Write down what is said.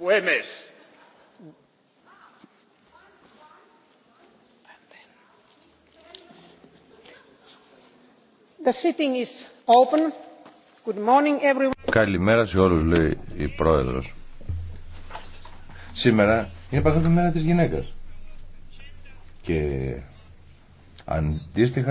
puhemies The sitting is open. Good morning, everyone. Καλημέρα σε όλους λέει η πρόεδρος. Σήμερα είναι παγκόσμια μέρα της γυναίκας. Και αντίστοιχα